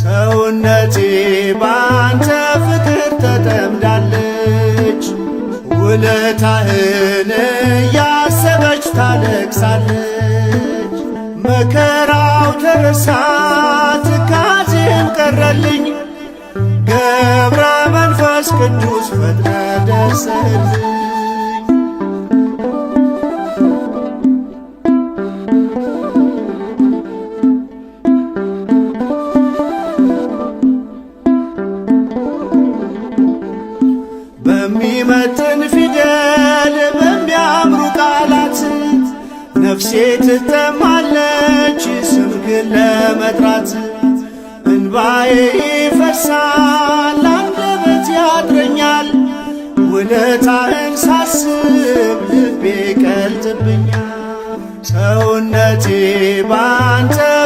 ሰውነቴ ባንተ ፍቅር ተጠምዳለች። ውለታህን እያሰበች ታለቅሳለች። መከራው ተረሳ ትካዜም ቀረልኝ ገብረ መንፈስ ቅዱስ ፈጥረ ደሰልኝ በሚመጥን ፊደል በሚያምሩ ቃላት ነፍሴ ትተማለች ስምህን ለመጥራት እንባዬ ይፈሳል አንደበት ያድረኛል ውለታህን ሳስብ ልቤ ቀልጥብኛል ሰውነቴ ባንተ